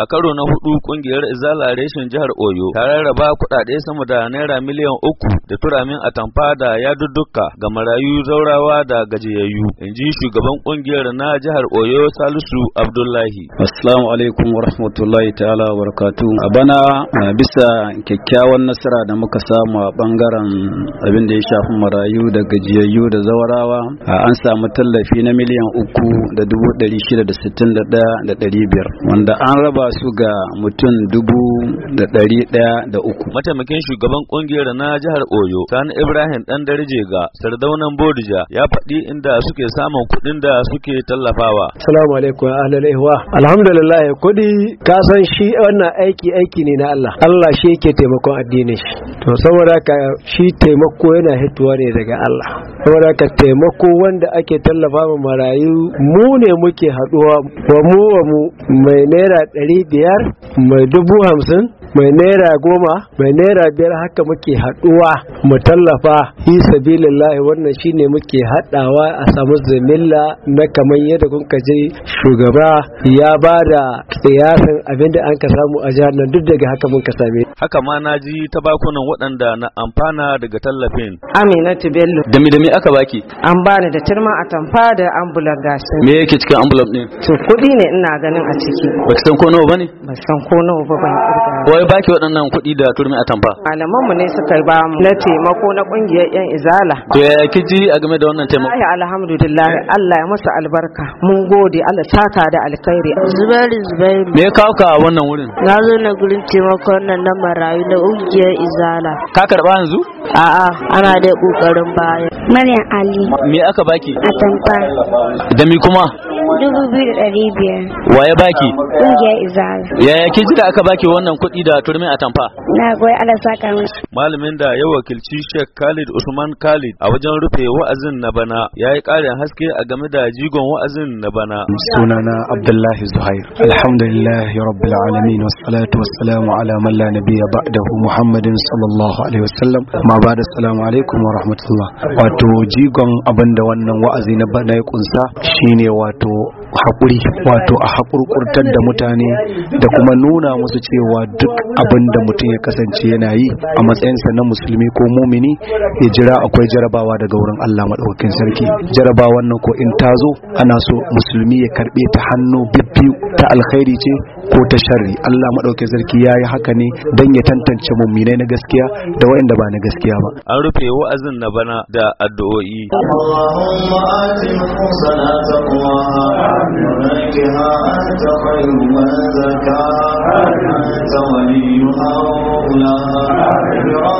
a karo na hudu kungiyar izala reshen jihar oyo ta rarraba kuɗaɗe sama da naira miliyan uku da turamin atamfa da yadudduka ga marayu zaurawa da gajiyayyu in ji shugaban kungiyar na jihar oyo salisu abdullahi assalamu alaikum wa rahmatullahi ta'ala wa barakatu a bana bisa kyakkyawan nasara da muka samu a bangaren abin da ya shafi marayu da gajiyayyu da zaurawa an samu tallafi na miliyan uku da dubu ɗari shida da sittin da ɗaya da ɗari biyar wanda an raba su ga mutum dubu da ɗari ɗaya da uku. Mataimakin shugaban ƙungiyar na jihar Oyo, Sani Ibrahim ɗan Darije ga Sardaunan Bodija ya faɗi inda suke samun kuɗin da suke tallafawa. Salamu alaikum wa ihwa. Alhamdulillah kuɗi ka san shi wannan aiki aiki ne na Allah. Allah shi yake taimakon addinin shi. To saboda ka shi taimako yana hituwa ne daga Allah. Saboda ka taimako wanda ake tallafa ma marayu mu ne muke haɗuwa wa mu wa mu mai naira ɗari biyar mai dubu hamsin mai naira goma mai naira biyar haka muke haɗuwa mu tallafa fi sabilillahi wannan shine muke haɗawa a samu zamilla na kamar yadda kun kaje shugaba ya ba da siyasan abin da an ka samu a jihar nan duk daga haka mun ka same haka ma na ji ta bakunan waɗanda na amfana daga tallafin aminatu bello da me aka baki an bani da turma a tamfa da ambulan gashi me yake cikin ambulan din to kuɗi ne ina ganin a ciki ba san ko nawa bane ba san ko nawa ba ban kirga waye baki waɗannan kuɗi da turmi a tamfa malaman mu ne suka ba mu na taimako na kungiyar yan izala to ya kiji a game da wannan taimako ai alhamdulillah Allah ya masa albarka mun gode Allah saka da alkhairi zubairu zubairu me ya kawo ka wannan wurin na zo na gurin taimakon nan na marayu na kungiyar izala ka karba yanzu a'a ana da kokarin baya Maryam Ali me aka baki a tamfa da mi kuma dubu biyu da ɗari biyar wa ya baki ƙungiyar izala yaya kin ji da aka baki wannan kuɗi da turmi tamfa? na goyi ala saka musu malamin da ya wakilci Sheikh Khalid Usman Khalid a wajen rufe wa'azin na bana ya yi ƙarin haske a game da jigon wa'azin na bana. Sunana Abdullahi Zuhair. Alhamdulillah rabbil alamin wa wassalamu ala man la nabiyya ba'dahu Muhammadin sallallahu alaihi wasallam. Ma ba da salamu alaikum wa rahmatullah. Wato jigon abinda wannan wa'azi na bana ya kunsa shine wato haƙuri wato a haƙurƙurtar da mutane da kuma nuna musu cewa duk abin da mutum ya kasance yana yi a matsayin matsayinsa na musulmi ko mumini ya jira akwai jarabawa daga wurin Allah maɗaukakin sarki jarabawan nan ko in tazo ana so musulmi ya karɓe ta hannu bibbiyu ta alkhairi ce ko ta sharri Allah maɗaukakin sarki ya yi haka ne don ya tantance muminai na gaskiya da waɗanda ba na gaskiya ba an rufe wa'azin na bana da addu'o'i Allahumma ati